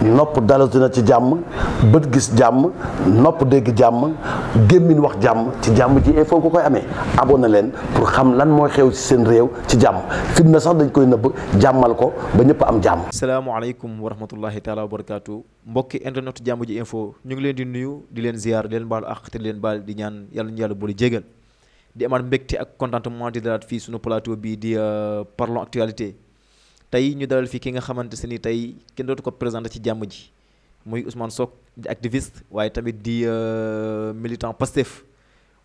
nopp dalatu na ci jàmm bët gis jàmm nopp dégg jàmm gémmiñ wax jàmm ci jàmm ji il faut nga koy amee abonné leen pour xam lan mooy xew ci seen réew ci jàmm fitna sax dañ koy nëbb jàmmal ko ba ñëpp am jàmm. salaamaaleykum wa rahmatullahi taala wa barakaatu mbokki internet jàmm ji info ñu ngi leen di nuyu di leen ziar di leen baal ak te leen baal di ñaan yàlla ñu yàlla boole jégal di amaat mbégte ak contentement di dalaat fii suñu plateau bii di euh, parlons actualité. tey ñu dalal fi ki nga xamante se ni tey kenn dootu ko présenté ci jàmm ji muy Ousmane sook di activiste waaye tamit di euh, militant Pastef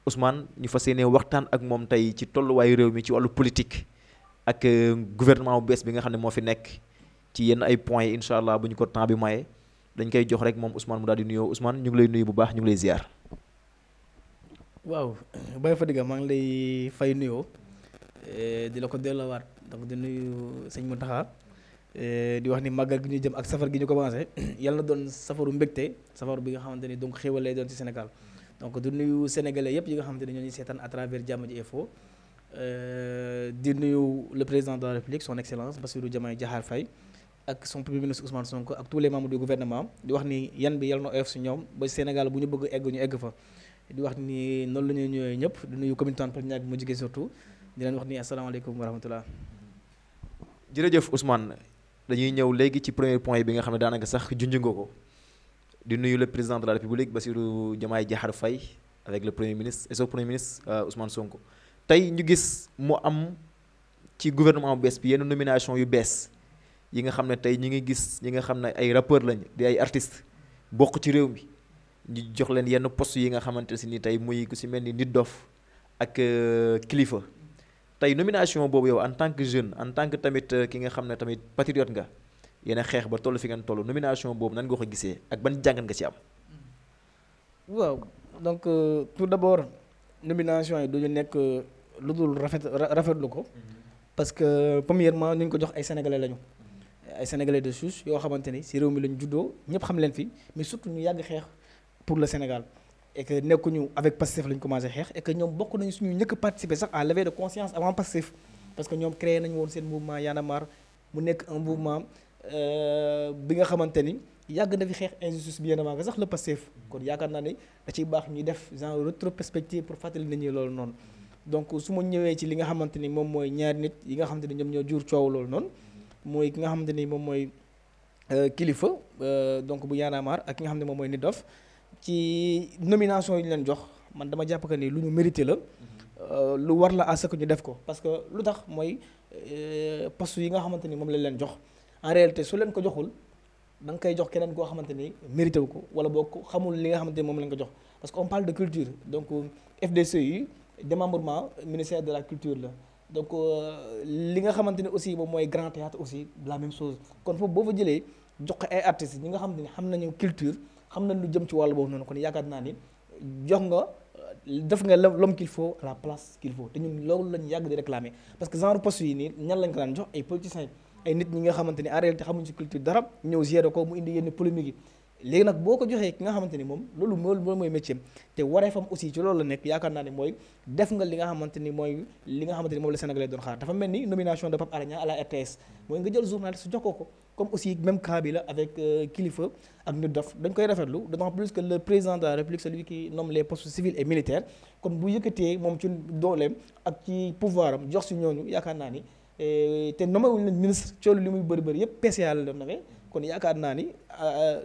Ousmane ñu fas yéene waxtaan ak moom tey ci tolluwaayu réew mi ci wàllu politique ak euh, gouvernement bu bees bi nga xam ne moo fi nekk ci yenn ay points yi incha allah bu ñu ko temps bi maye dañ koy jox rek moom Ousmane mu daal di nuyoo Ousmane ñu ngi lay nuyu bu baax ñu ngi lay ziar. waaw Baye Fadiga maa ngi lay fay nuyoo eh, di la ko delloowaat donc di nuyu sëñ Mountakha eh, di wax ni màggal gi ñu jëm ak safar gi ñu commencé yàlla na doon safaru mbégte safar bi nga xamante ni donc xéewal lay doon ci Sénégal donc di nuyu sénégalais yëpp yi nga xamante ni ñoo ñuy seetaan à travers Jammj Infos eh, di nuyu le président de la République son excellence Bassirou Diomaye Diakhar Faye ak son premier ministre Ousmane Sonko ak tous les membres du gouvernement di wax ni yan bi yàlla na oyof si ñoom ba Sénégal bu ñu bëgg egg ñu egg fa di wax ni noonu la ñuy ñëwee ñëpp di nuyu communauté en première bi mu jigee surtout di leen wax ni asalaamaaleykum wa rahmatullah jërëjëf Ousmane dañuy ñëw léegi ci premier point bi nga xam ne daanaka sax junj ko di nuyu le président de la république Bassirou Diomaye Diakhar Faye avec le premier ministre et son premier ministre euh, usman Sonko tey ñu gis mu am ci gouvernement bu bees bi yenn nomination yu bees yi nga xam ne tey ñu ngi gis ñi nga xam ne ay rappeur lañ di ay artistes bokk ci réew mi ñu jox leen yenn post yi nga xamante si ni tey muy ku si mel ni nit dof ak euh, kilifa. tey nomination boobu yow en tant que jeune en tant que tamit euh, ki nga xam ne tamit patriote nga yéen xeex ba toll fi ngeen toll nomination boobu nan nga ko gisee ak ban jàngat nga ci am. waaw donc euh, tout d'abord nomination yi duñu nekk euh, lu dul rafet rafetlu ko. parce que premièrement ñu ko jox ay sénégalais lañu. ay sénégalais de souche yoo xamante ni si réew mi lañu juddoo ñëpp xam leen fii mais surtout ñu yàgg xeex pour le Sénégal. et nekkuñu avec Pastef lañ commencé xeex et que ñoom bokk nañu suñu ñëkk participer sax à levée de conscience avant Pastef parce que ñoom créé nañu woon seen mouvement Y'en a marre mu nekk un mouvement euh, bi nga xamante ni yàgg na fi xeex injustice bi yenn maa sax le Pastef kon yaakaar naa ne da ciy baax ñuy def genre rétrospective pour fàttali nañu loolu noonu donc su ma ñëwee ci li nga xamante ni moom mooy ñaari nit yi nga xamante ni ñoom ñoo jur coow loolu noonu mooy ki nga xamante ni moom mooy euh, kilifa euh, donc bu Y'en ak ki nga xam ne moom mooy Nit Doff ci nomination yi ñu leen jox man dama jàpp que nii lu ñu mériter la euh, lu war la à ce ñu def ko parce que lu tax mooy euh, poste yi nga xamante ni moom lañ leen jox en su leen ko joxul da nga koy jox keneen koo xamante ni mérité ko wala boo xamul li nga xamante ni moom lañ ko jox parce que on parle de culture donc euh, FDC yi démembrement ministère de la culture la donc li nga xamante ne aussi moom mooy grand théâtre aussi la même chose kon foofu boo fa jëlee jox ko ay artistes ñi nga xamante ni xam nañu culture xam nañ lu jëm ci wàll boobu noonu kon yaakaar naa ni jox nga euh, def nga l'homme qu'il faut la place qu'il faut te ñun loolu lañ yàgg di réclamer parce que genre poste yi nii ñan lañ ko daan jox ay politiciens ay nit ñi nga xamante ni en réalité xamuñ ci culture dara ñëw gérer ko mu indi yenn polémique yi léegi nag boo ko joxee ki nga xamante ni moom loolu loolu mooy métier te wareefam aussi ci loolu la nekk yaakaar naa ne mooy def nga li nga xamante ni mooy li nga xamante ni moom la Sénégalais doon xaar dafa mel ni nomination de Pape ko ko comme aussi même cas bi la avec euh, Kilifeu ak ñu Dof dañ koy rafetlu d'autant plus que le président de la République celui qui nomme les postes civils et militaires kon bu yëkkatee moom ci dooleem ak ci pouvoir am jox si ñooñu yaakaar naa ni eh, te nommé wuñ leen ministre coolu li muy bëri bëri yëpp PCA la doon nommé kon yaakaar naa ni euh,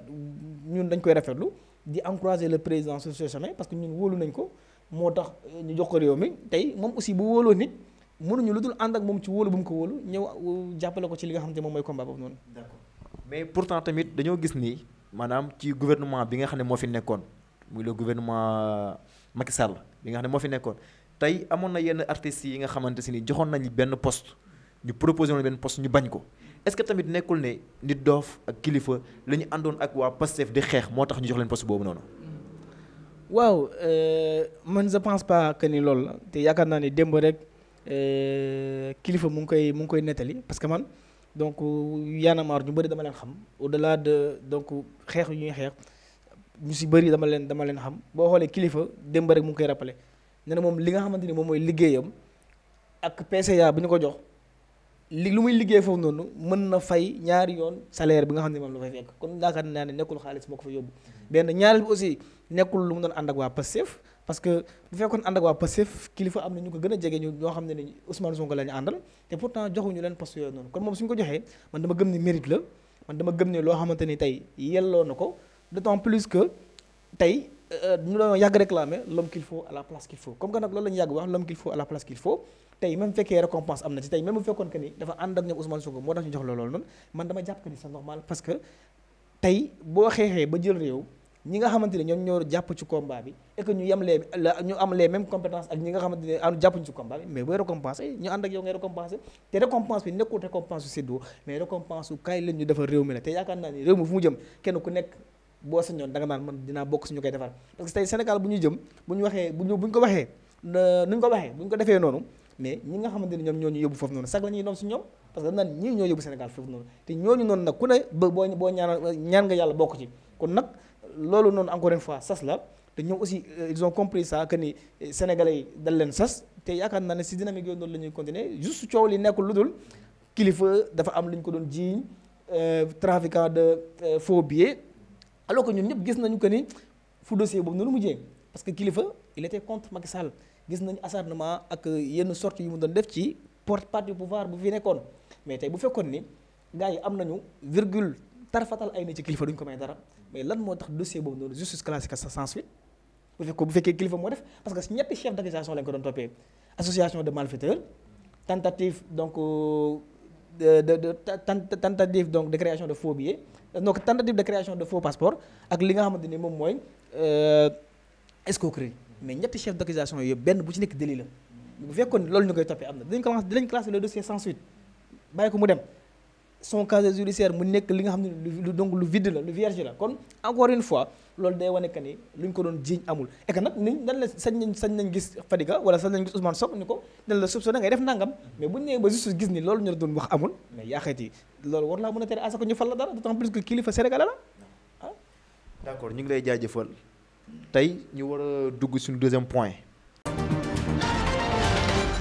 ñun dañ koy rafetlu di encourager le président sur ce parce que ñun wóolu nañ ko moo tax ñu jox ko réew mi tey moom aussi bu wóoloo nit mënuñu lu dul ànd ak moom ci wóolu bu mu ko wóolu ñëw jàppale ko ci li nga xam ne moom mooy combat boobu noonu. mais pourtant tamit dañoo gis ni maanaam ci gouvernement bi nga xam ne moo fi nekkoon muy le gouvernement Macky Sall bi nga xam ne moo fi nekkoon tey amoon na yenn artistes yi nga xamante si ni joxoon nañu benn post ñu proposé woon benn poste ñu bañ ko. est-ce que tamit nekkul ne nit doof ak kilifa la ñu àndoon ak waa Pastef di xeex moo tax ñu jox leen poste boobu noonu. waaw euh, man je pense pas que ni loolu la te yaakaar naa ne démb rek. Euh, kilifa mu ngi koy mu ngi koy nettali parce que man donc euh, Y'en a marre ñu bëri dama leen xam au-delà de donc xeex yu ñuy xeex ñu si bëri dama leen dama leen xam boo xoolee kilifa démb rek mu ngi koy rappelé ne na moom li nga xamante ni moom mooy liggéeyam ak PCA bu ñu ko jox li lu muy liggéey foofu noonu mën na fay ñaari yoon salaire bi nga xam ne moom la fay fekk kon yaakaar naa ne nekkul xaalis moo ko fa yóbbu mm-hmm. benn ñaareel bi aussi nekkul lu mu doon ànd ak parce que bu fekkoon ànd ak waa Pastef kilifa am na ñu ko gën a jege ñu ñoo xam ne ni Ousmane Sonko la ñu àndal te pourtant joxuñu leen poste yooyu noonu kon moom suñu ko joxee man dama gëm ni ne loo xamante ni tey yelloo ko d'autant plus que tey ñu euh, doon yàgg réclamer l'homme qu'il faut à la place qu'il faut comme que nag loolu la ñu yàgg wax tey même fekkee récompense am na ci tey même bu fekkoon que ni dafa ànd ak ñoom Ousmane Sonko moo tax ñu jox la loolu noonu man dama jàpp que ni c'est normal parce boo xeexee ba jël réew ñi nga xamante ne ñoom ñoo jàpp ci combat bi et que ñu yem les ñu am les mêmes compétences ak ñi nga xamante ne am ah, jàppuñ ci combat bi mais booy récompensé ñu ànd ak yow ngay ni nekk boo sañoon da nga naan man ñu waxee bu ko waxee ko waxee bu ko defee noonu mais ñi nga xamante ne ñoom ñoo ñu yóbbu foofu noonu sax la ñuy doon si ñoom parce que naan ñii ñoo yóbbu Sénégal foofu noonu te ñooñu noonu nag ku ne boo boo ñaan ñaan nga yàlla bokk ci kon nag loolu noonu encore une fois sas la te ñëw aussi euh, ils ont compris ça que ni euh, sénégalais yi dal leen sas te yaakaar naa ne si dynamique yooyu noonu la ñuy continuer juste coow li nekkul lu dul kilifa dafa am lu ñu ko doon jiiñ euh, trafiquant de faux billets alors que ñun ñëpp gis nañu que ni fu dossier boobu noonu mujjee parce que kilifa il était contre Macky Sall gis nañu acharnement ak yenn sorte yu mu doon def ci porte parti pouvoir bu fi nekkoon mais tey bu fekkoon ni gars yi am nañu virgule. tarfatal ay na ci kilifa duñ ko may dara mais lan moo tax dossier boobu noonu justice classique sa sans suite bu fekkoon bu fekkee kilifa moo def parce que si ñetti chef d'accusation lañ ko doon toppee association de malfaiteurs tentative donc euh, de de de tentative donc de création de faux billets euh, donc tentative de création de faux passeport ak li nga xamante ni moom mooy euh, escroquerie mais ñetti chef d'accusation yooyu benn bu ci nekk délit la bu fekkoon loolu ñu koy toppee am na dinañ commencé dinañ dem. son casier judiciaire mu nekk li nga xam ne lu donc lu vide la lu vierge la kon encore une fois loolu day wane que ni lu ñu ko doon jiiñ amul et que nag niñ dañ la sañ nañ gis Fadiga wala sañ nañ gis Ousmane Sow ni ko dañ la soupçonné ngay def nangam mais bu nee ba justice gis ni loolu ñu la doon wax amul mais yaaxeeti loolu war laa mën a tere asaka ñu fal la dara d'autant plus kilifa sénégalais la ah d' accord ñu ngi lay jëfal tey ñu war a dugg suñu deuxième point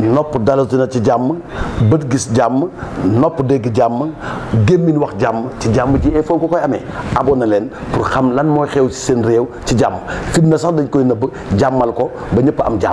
nopp dalatu na ci jàmm bët gis jàmm nopp dégg jàmm gémmiñ wax jàmm ci jàmm ji il faut ko koy amee abonné leen pour xam lan mooy xew ci seen réew ci jàmm fitna sax dañ koy nëbb jàmmal ko ba ñëpp am jàmm